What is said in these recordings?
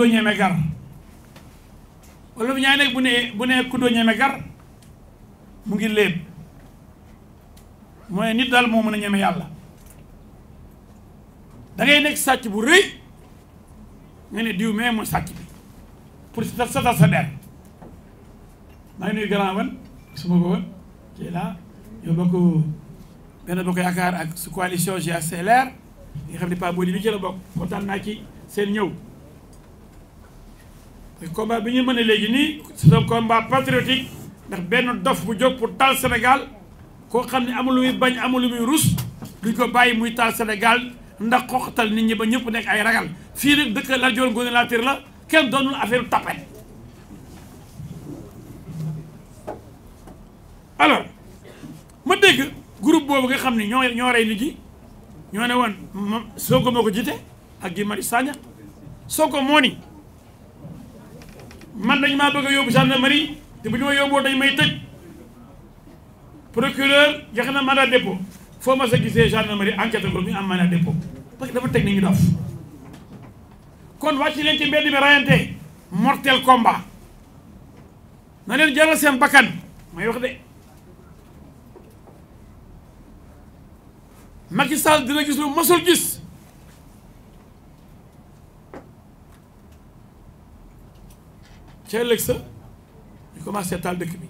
kuddoo ñeme gar wala bu ñaay nag bu nee bu nee kuddoo ñeme gar mu ngi léeb mooy nit daal moo mën a ñeme yàlla da nekk sàcc bu rëy nga ne diw mais mooy sàcc bi pour sa sa sa der maa ngi nuyu suma ko wan kii laa ñoo bokk benn bokk yaakaar ak su coalition GACLR nga xam ne Pape Bodi bi ci la bokk kontaan naa ci seen ñëw combat bi ñuy mën a léegi nii c'est un combat patriotique ndax benn dof bu jóg pour taal Sénégal koo xam ne amul lu muy bañ amul lu muy rus duñ ko bàyyi muy taal Sénégal ndax xoxatal nit ñi ba ñëpp nekk ay ragal fii nag dëkk la joor Ngoné Latyr la kenn doonul affaire tapet alors ma dégg groupe boobu nga xam ne ñoo ñoo rey nit ñi ñoo ne woon Sonko moo ko jiite ak Guy Marius Sagna Sonko moo ni man dañ maa bëgg a yóbbu gendarmerie te bu ñu ma yóbboo dañ may tëj procureur joxe na mandat dépôt foo ma sa gisee gendarmerie enquête ko ñu am mandat dépôt parce que dafa teg ni ñu dof kon wàcc leen ci mbedd mi rayante mortel combat na leen jaral seen bakkan may wax de Macky Sall dina gis lu mësul gis ci ëllëg sa ñu commencé taal dëkk bi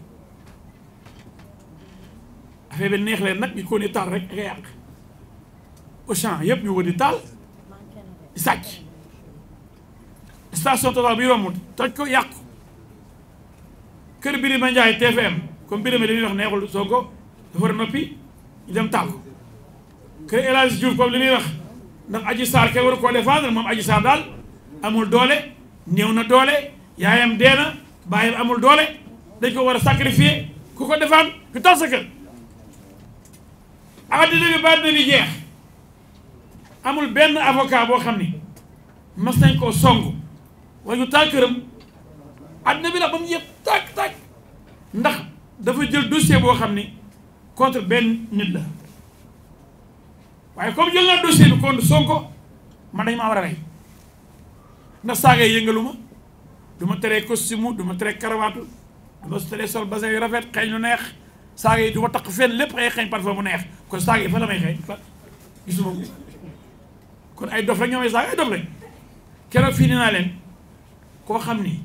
affaire bi neex leen nag ñu ko taal rek nga yàq au champ yëpp ñu wër di taal di sàcc station Total bi romb toj ko yàqu kër Birima Ndiaye TFM comme Birima li muy wax neexul Sonko dafa war a noppi ñu dem taal ko kër El Hadj Diouf comme li muy wax ndax Adji Sarr kay war koo défendre moom Adji Sarr daal amul doole néew na doole. yaayam dee na bàyyam amul doole dañ koo war a sacrifier ku ko defaan ñu tax sa kër àddina bi ba àddina jeex amul benn avocat boo xam ni mas nañ koo song wala ñu taal këram àddina bi la ba mu jeex tàkk tàkk ndax dafa jël dossier boo xam ni contre benn nit la waaye comme jël naa dossier bi contre Sonko man nañ maa war a rey ndax saaga yëngalu ma du teree costume du ma teree karawaatu du ma teree sol basin yu rafet xeeñ lu neex saaga yi du ma takk fenn lépp ay xeeñ parfois mu neex kon saaga yi fa la may xeeñ fa gisuma ko ay dof rek ñoo may saaga fii naa leen koo xam ni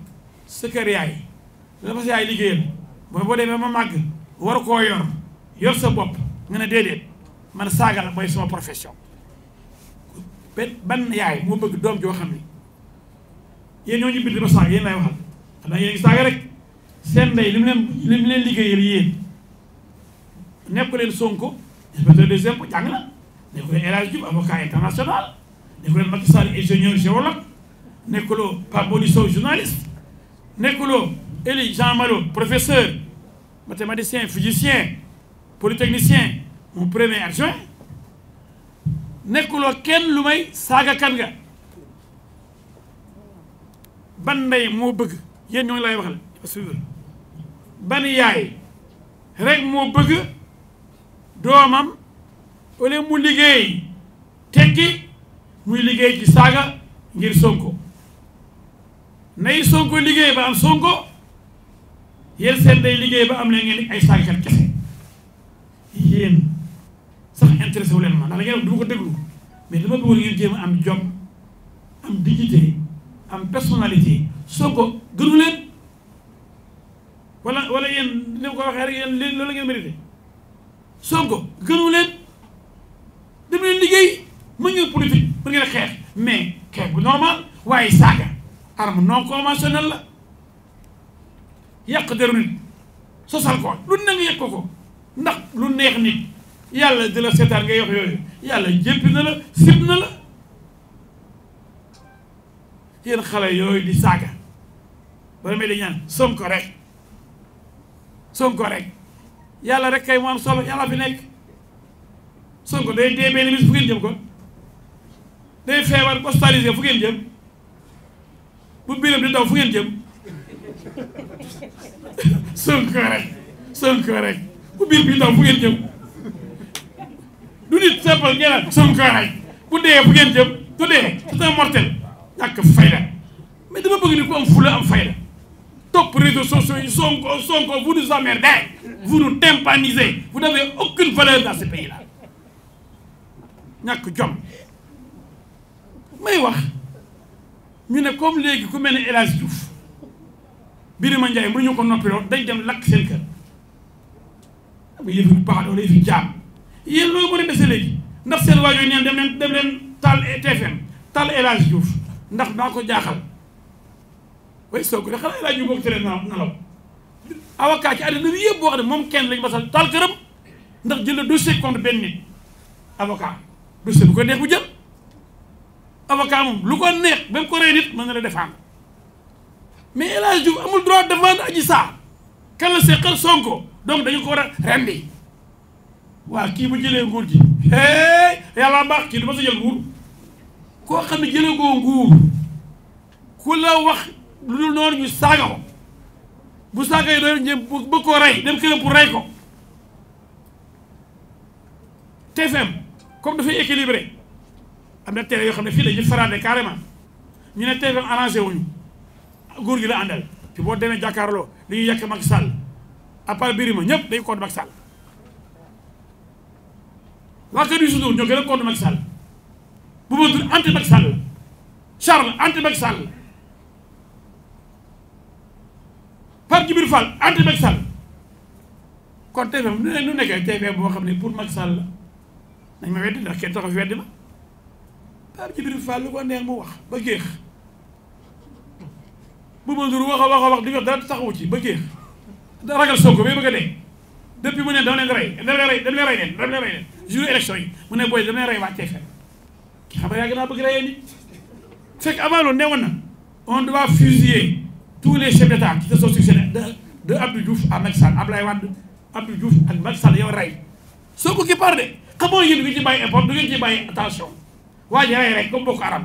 sa kër yaay la sa yaay liggéeyam mooy boo demee ma màgg war koo yor yor sa bopp nga ne déedéet man saaga la mooy sama profession ban yaay moo bëgg doom joo xam ni yéen ñoo ñu bind ma saaga yéen laay waxal xanaa yéen ngi saaga rek seen ndey li mu leen li mu leen liggéeyal yéen nekku leen Sonko inspecteur des impôts jàng na nekku leen El Hadji Diouf avocat international nekku leen Macky Sall ingénieur géologue nekkuloo Pape Boni Sow journaliste nekkuloo Ely Jean Malo professeur mathématicien physicien polytechnicien mon premier adjoint nekkuloo kenn lu may saagakat nga ban ndey moo bëgg yéen ñooñu laay waxal ban yaay rek moo bëgg doomam wala mu liggéey tekki muy liggéey ci saaga ngir sonko nay sonko liggéey ba am sonko yéen seen day liggéey ba am leen ngeen ay saagkat kese yéen sax intéressé wu leen ndax la ngeen du ma ko déglu mais dama bëggoon ngeen jéem am jom am dignité am personnalité Sonko gënu leen wala wala yéen ni ko waxee rek yéen loolu la ngeen mérité Sonko gënu leen dem leen liggéey mën ngeen politique mën ngeen xeex mais xeex bu normal waaye saaga arme non la yàq deru nit sosal ko lu ne nga ndax lu neex nit yàlla di la seetaan ngay wax yooyu yàlla jéppi na la sib na la yéen xale yooyu di saaga ba may di ñaan Sonko rek Sonko rek yàlla rek kay mu am solo yàlla fi nekk Sonko day dee benn bis fu jëm ko day feebar hospitalisé fu ngeen jëm bu biiram di daw fu ngeen jëm Sonko rek Sonko rek bu biir bi daw fu ngeen jëm du nit simple ngeen Sonko rek bu dee fu ngeen jëm du dee c'est un mortel ñàkk fayda mais dama bëgg ni ku am fula am fayda topp réseaux sociaux yi Sonko soo vous nous emmerdez vous nous tympanisez vous n'avez aucune valeur dans ce pays là ñàkk jom may ñu ne comme léegi ku mel ne El Hadj Diouf Birima Ndiaye mënuñu ko noppiloo dañ dem lakk seen kër am yëfi bu baax doole yëfi jaam yéen loolu moo leen dese léegi ndax seen waajur neen dem dem taal TFM taal El Hadj ndax maa ko jaaxal way soog rek xanaa laaj ñu boog tere nalaw nalaw avocat ci àddina bi yëpp boo xam ne moom kenn lañu masal taal këram ndax jël la dossier contre benn nit avocat dossier bu ko neex bu jël avocat moom lu ko neex ba mu ko rey nit mën na la défendre mais El Hadj Diouf amul droit demande aji saa kan la seqal Sonko donc dañu ko war a rendi waaw kii bu jëlee nguur ji hey yàlla baax kii du ma sa jël nguur koo xam ne jëlee koo nguur ku la wax lu dul noonu ñu saaga ko bu saaga yi doon ñëw bëgg koo rey dem këram pour rey ko TFM comme dafay équilibré am na télé yoo xam ne fii la ñu faraande carrément ñu ne TFM góor gi la àndal ci boo demee jàkkaarloo li ñuy yàq Macky Sall à part Birima ñëpp day contre Macky Sall waa kër yu si ñoo gën a contre Macky Sall bu ma tudd anti Macky Sall Charles anti Macky Sall Pape Djibril Fall anti Macky Sall kon TFM nu ne nu nekkee TFM boo xam ne pour ma weddi ndax kenn taxaw fi weddi ma Pape Djibril Fall lu ko wax ba géex bu ma tudd wax a wax a wax di nga dara taxawu ci ba géex da ragal Sonko ba bëgg a dee depuis mu ne dama leen rey dama leen rey dama leen rey leen dama leen rey leen jour élection yi mu ne booy dama leen rey waa TFM ki xam nga yàgg naa bëgg reyee nit fekk avant ne woon na on doit fusiller tous les chefs d'état qui se sont succédé de de Abdou Diouf à Macky Sall Abdoulaye Wade Abdou Diouf ak Macky Sall yow rey soo ko kii par de xamoo yéen du ngeen ci bàyyi import du ngeen ci attention waa ji rey rek bokk arab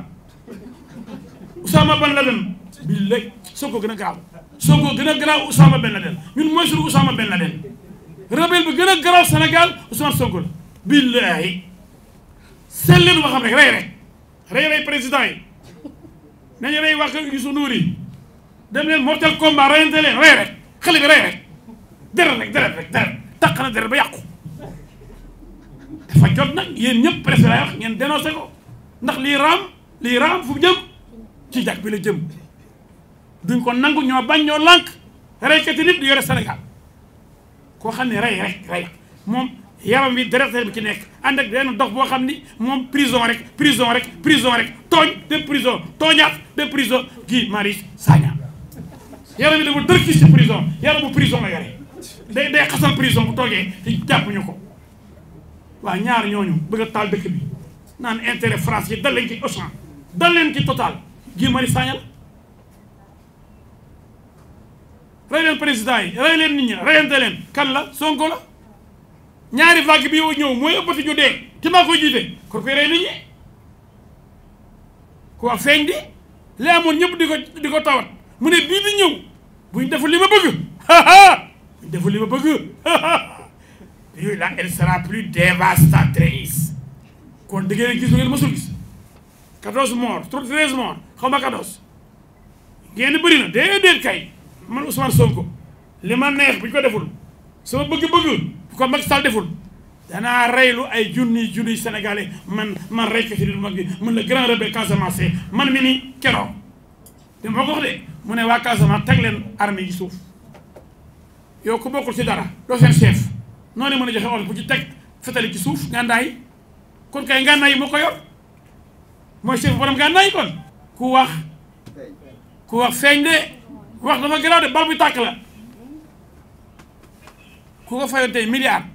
Ousama Ben Laden bi soo ko gën a gaaw soo ko gën a garaaw Ousama Ben Laden ñun mooy suñu Ousama Laden rebelle bi gën a garaaw Sénégal Ousmane Sonko la billahi seetlu leen ma xam rek rey rek président yi nañu rey wax Youssou Ndour yi dem leen mortel combat reyante leen rey rek xale bi rey rek deret rek deret rek na deret ba yàqu dafa jot nag yéen ñëpp préféré wax ngeen dénoncé ko ndax lii raam lii raam fu jëm ci jàkk bi la jëm duñ ko nangu ñoo bañ ñoo lànk reykati nit du yore Sénégal koo xam ne rey rek rey moom yaram wi dérétère bi ci nekk ànd ak benn dox boo xam ni moom prison rek prison rek prison rek tooñ de prison tooñaat te prison Guy Marius Sagna yaram wi dafa dërkis ci prison yaram bu prison la yore day day xasal prison bu toogee te jàppuñu ko waa ñaar ñooñu bëgg a taal dëkk bi naan intérêt France yi dal leen ci Auchan dal leen ci Total Guy Marius Sagna la rey président yi rey leen nit ñi reyante leen kan la Sonko la ñaari vague bi yow ñëw mooy ëppati ñu dee te maa koy jiite kon koy rey nit ñi ku wax feeñ di li amoon ñëpp di ko di ko tawat mu ne bii di ñëw buñ deful li ma bëgg buñ deful li ma bëgg yooyu la elle sera plus dévastatrice kon da ngeen gis lu ngeen mësul gis quatorze morts trop treize morts xaw ma quatorze ngeen bëri na déedéet kay man Ousmane Sonko li ma neex bu ñu ko deful sama bëgg-bëgg bu ko Macky Sall deful ay junni junni man man lu mag bi mun la man mi ni keroog te waa Casamance teg leen armée yi suuf yow ku bokkul ci dara doo seen chef noonu mën joxe ordre bu ci teg fetali ci suuf ngàndaay kon kay ngànnaay yi moo ko yor mooy chef borom ngànnaay yi ku wax ku wax feeñ de wax dafa garaaw de bal bi tàkk la ku ko fayoon tey milliard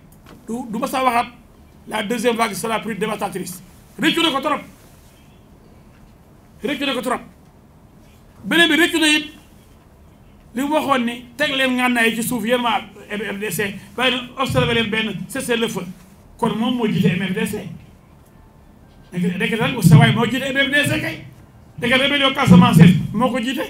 du du ma la deuxième vague sera plus dévastatrice réccu na ko ko trop beneen bi réccu na ni teg leen ngànnaay ci suuf yéen waa MFDC waaye kon moom moo jiite MFDC nekk nekk daal sa waay moo jiite MFDC kay nekk rébellion Casamance moo ko jiite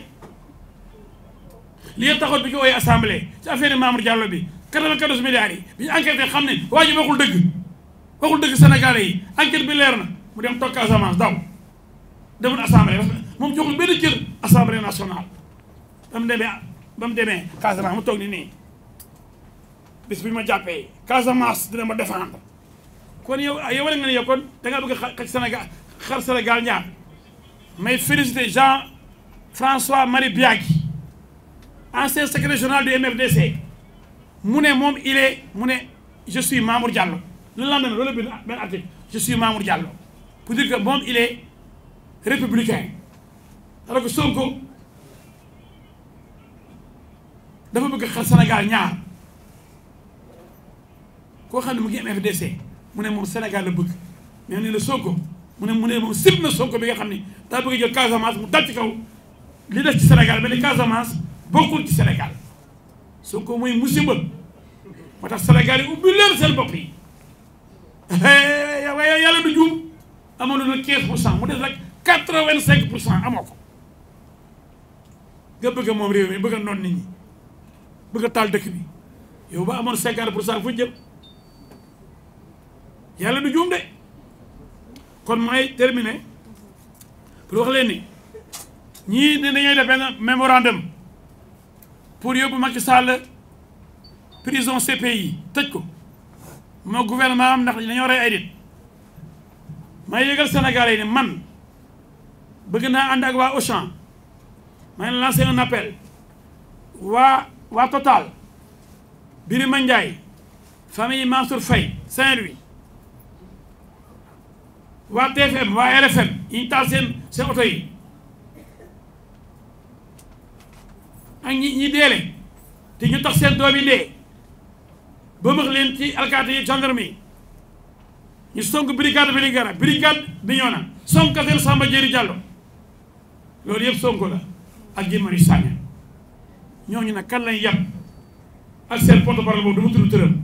li yëpp taxoon bi ñu koy assemblée ci affaire Mamour Diallo bi quatre-vingt-quatorze milliards yi ne waa ji waxul dëgg dëgg Sénégalais yi dem toog Casamance daw demul assemblée moom joxul benn cër assemblée ma jàppee Casamance dina ma défendre kon yow ah, yow la nga ne yow kon da ngaa bëgg a Sénégal xar may féliciter Jean François Marie Biagui ancien secrétaire général du MFDC mu ne moom il est mu ne je suis Mamour Diallo le lendemain loolu bind ah, benn article je suis Mamour Diallo pour dire que moom il républicain alors que sooko dafa bëgg xel Sénégal ñaar koo xam ne mu ngi am FDC mu ne moom Sénégal la bëgg mais ne la Sonko mu ne mu ne moom sib na Sonko bi nga xam ne daa bëgg jël Casamance mu dal ci kaw li des ci Sénégal ba ni Casamance bokkul ci Sénégal Sonko mooy musiba moo tax Sénégal yi ubbi leen seen bopp yi eh, waaye yàlla du juum amoon na 15 pour cent mu des rek 85 pour cent amoo ko nga bëgg moom réew mi bëgg a noon nit ñi bëgg taal dëkk bi yow ba amoon 50 pour cent fu jëm yàlla du juum de kon may terminer pour wax leen ni ñii ne dañuy def benn mémorandum pour yóbbu Macky Sall prison CPI tëj ko moo gouvernement am ndax dañoo rey ay nit may yëgal Sénégalais yi ne man bëgg naa ànd ak waa Auchan may lancé un appel waa waa Total Birima Ndiaye famille Mansour Faye Saint-Louis waa TFM waa RFM ñu taal seen oto yi ak ñi ñi deele te ñu tax seen doom yi dee ba max leen ci alkaati yi gendarme yi ñu sonk brigade Vélingara brigade Bignona sonk seen Samba Diéry Diallo loolu yëpp Sonko la ak Guy Marius Sagna ñooñu nag kan lañ yàpp ak seen porte-parole boobu du ma tudd tëram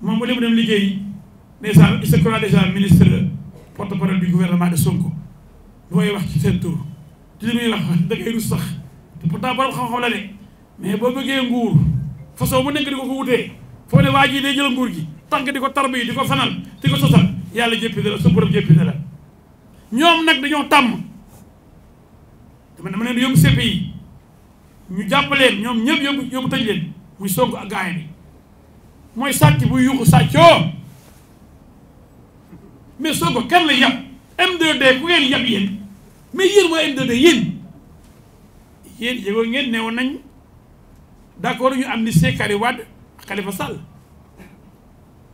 moom ba li mu dem liggéey de Sonko lu may wax ci seen tur te li muy wax da sax te pourtant borom xam-xam la de mais boo bëggee nguur façon bu nekk di ko ko wutee foo ne waa ji day jël nguur gi tànk di ko tarbi yi di ko fanal di ko sosal yàlla jëppite la suñu borom jëppite la ñoom nag dañoo tàmm dama dama leen yóbbu CPI ñu jàppaleen ñoom ñëpp yóbbu yóbbu tëj leen muy sogg ak gaay bi mooy sàcc buy yuuxu sàccoo mais soo kenn la yab M2D ku ngeen yab yéen mais yéen waa M2D yéen yéen yëgoo ngeen neewoon nañ d'accord ñu am ni Karim Wade Khalifa Sall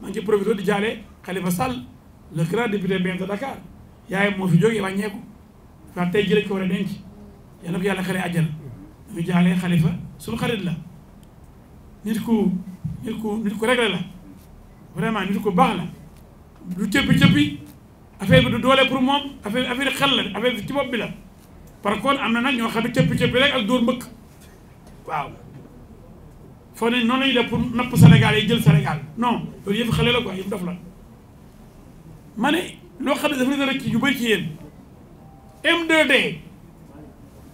maa ngi ci profité di jaale Khalifa Sall le grand député maire de Dakar yaay moo fi jógee wàññeeku ndax tey jii ko war a denc yal na yàlla xale àjjana ñu jaale Khalifa suñu la nit ku nit ku nit ku réglé la vraiment nit ku baax la du cëppi cëppi affaire bi du doole pour moom affaire affaire xel la affaire bi ci bopp bi la par contre am na nag ñoo xam ne cëppi cëppi rek ak dóor mbëkk foo ne noonu lañu def pour napp Sénégal yi jël Sénégal non loolu yëpp xale la quoi yëpp daf la ma ne loo xam ne dafa leen rëcc yu bëri ci yéen M2D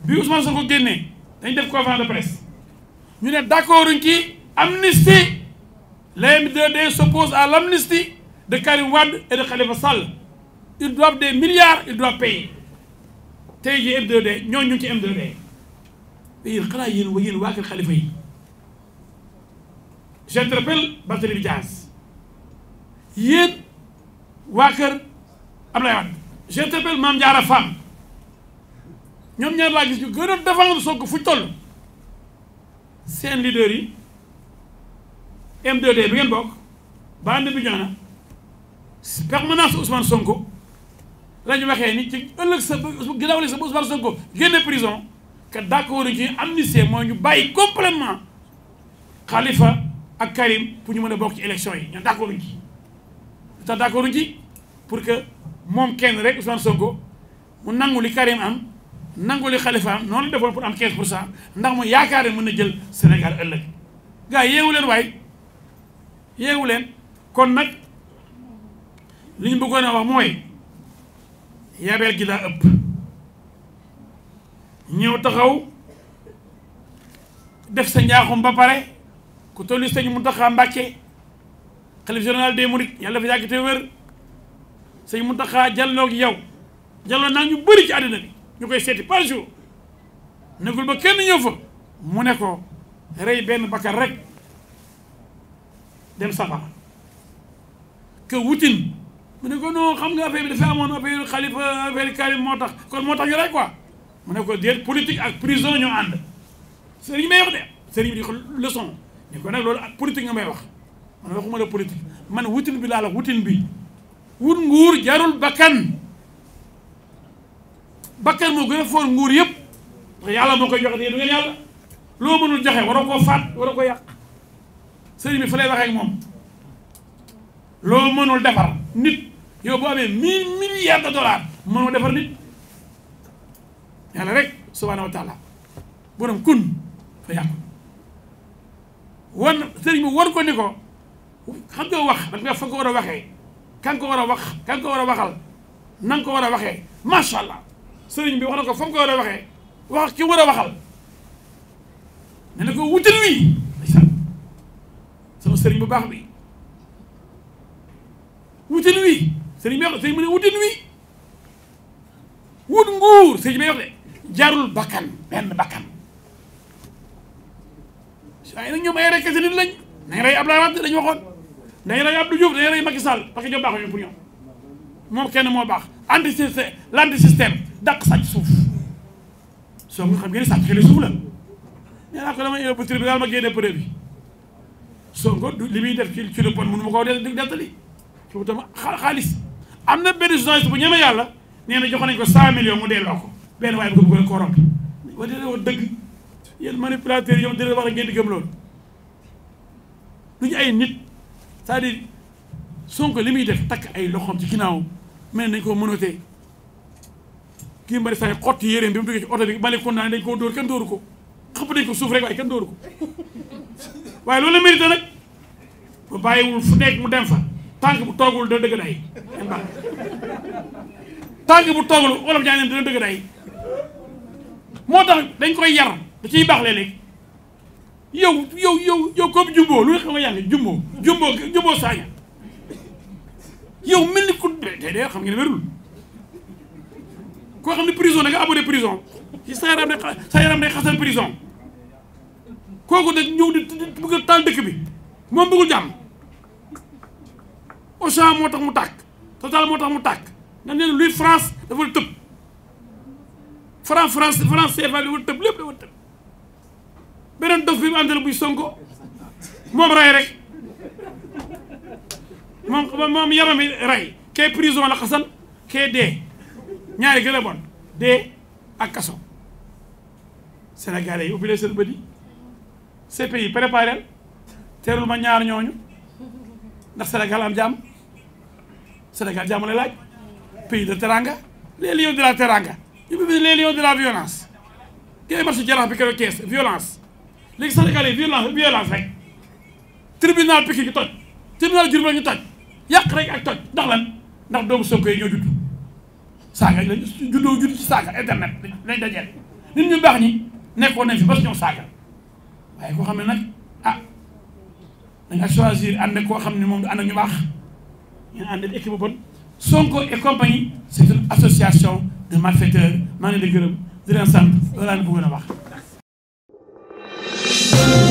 bi Ousmane Sonko génnee dañ def conférence de presse ñu ne d'accord uñ ci amnistie le M2D s'oppose à l'amnistie de Karim Wade et de Khalifa Sall ils doivent des milliards ils doivent payer tey jii M2D ñooñu ñu ci M2D yéen xanaa yéen wa yéen waa kër Khalifa yi j'interpelle Barthélémy Dias yéen waa kër Abdoulaye Wade j'interpelle Mame Diarra Fam ñoom ñaar laa gis ñu gën a défendre Sonko fu toll seen leader yi M2D bi ngeen bokk bande bi ñoo na permanence Ousmane Sonko la ñu waxee ni ci ëllëg sa ginnaaw li sa ba Ousmane Sonko génne prison que d'accord ci amnistie mooy ñu bàyyi complètement Khalifa ak Karim pour ñu mën a bokk ci élection yi ñun d' accord ci lu tax d' accord ci pour que moom kenn rek Ousmane Sonko mu nangu li Karim am nangu li Khalifa am noonu defoon pour am 15 pour cent ndax mu yaakaar ne mën na jël Sénégal ëllëg gars yeewu leen waay yeewu leen kon nag li ñu bëggoon a wax mooy yabeel gi daa ëpp ñëw taxaw def sa njaaxum ba pare. ko ku tollu sëñ Muntaxa Mbàkke xalif général des mourides yàlla dafa yàgg te wér sëñ Muntaxa jàlloo ak yow jàlloo naa ñu bëri ci àddina bi ñu koy seeti par jour nekkul ba kenn ñëw fa mu ne ko rey benn bakkan rek dem safara que wutin mu ne ko non xam nga affaire bi dafa amoon affaire xalifa affaire moo tax kon moo tax ñu rey quoi mu ne ko déet politique ak prison ñoo ànd sëriñ may wax de sëriñ bi di leçon ñu ko nag loolu politique nga may wax man waxuma la politique man wutin bi laa la wutin bi wut nguur jarul bakkan bakkan moo gën a foor nguur yëpp ndax yàlla moo koy joxe da yéen du ngeen yàlla loo mënul joxe a koo faat waroo ko yàq sëriñ bi fa lay waxee moom loo mënul defar nit yow boo amee mille milliards de dollars mënoo defar nit yàlla rek subhaanahu wa taala kun fa yàqu wan sëriñ bi wan ko ni ko xam ko wax da nga fa ko war a waxee kan ko war a wax kan ko war a waxal nan ko war a waxee macha allah sëriñ bi wax na ko fa ko war a waxee wax ki war a waxal ne na ko wutal wii sama sëriñ bu baax bi wutal wii sëriñ bi wax sëriñ bi ne wutal wii wut nguur sëriñ bi wax de jarul bakkan benn bakkan waaye nag ñoom ay rey kese nit lañ nañ rey Abdoulaye Wade dañ waxoon nañ rey Abdou Diouf nañ moo baax anti système l' anti système dàq sàcc suuf soo ko xam ngeen sàcc xëy la nee naa ko dama yóbbu tribunal ma génne preuve bi Sonko du li muy def ci ci lu bon ma koo def dettali ci wutam xaalis am na benn journaliste bu ñeme yàlla nee na joxoon nañ ko cent millions mu delloo ko benn waaye bu ko wa dëgg yéen manipulateurs yow dina wax rek ngeen di gëm loolu ay nit cest à li muy def takk ay loxoom ci ginnaaw nañ koo mënatee kii mbari saa yi xotti yéreem bi mu dañ koo dóor kenn dóoru ko xëpp dañ ko suuf rek waaye kenn dóoru ko waaye loolu la mérite nag bu bàyyiwul fu nekk mu dem fa tànk bu toogul dina dëgg day tànk bu toogul olof ñaa neen dëgg day moo tax dañ koy yar da ciy baax léeg-léeg yow yow yow yow comme jumbo lu nga xam nga yàlla jumbo jumbo jumbo saaña yow mel ni ku tey de xam ngeen wérul koo xam ne prison da nga abonné prison ci sa yaram day sa prison kooku nag ñëw di bëgg a taal dëkk bi moom bëggul jàmm Auchan moo tax mu tàkk Total moo tax mu tàkk dañ ne luy France dafa tëb franc France France CFA dafa tëb lépp dafa tëb beneen dof bi mu àndal buy sonko moom rey rek moom moom yaram yi rey kee prison la xasan kee dee ñaari gën a bon dee ak kaso sénégalais yi ubbi leen seen bët yi CPI préparé teerul ma ñaar ñooñu ndax Sénégal am jàmm Sénégal jàmm la laaj pays de teranga les lions de la teranga ñu bi les lions de la violence gay marché jaraaf bi keroog Thiès violence léegi Sénégal yi violence violence rek tribunal Pikine ñu toj tribunal Diourbel ñu toj yàq rek ak toj ndax lan ndax doomu Sonko yi ñoo judd saaga lañ juddoo judd ci saaga internet lañ ñu baax ñi nekkoon nañ fi bas ñoo saaga waaye koo xam ne nag ah da nga choisir ànd ak koo xam ne moom du ànd ak ñu baax ñu ànd ak équipe bu bon Sonko et compagnie c' est association de malfaiteurs maa ngi leen gërëm di leen laa leen bëggoon a wax Thank you.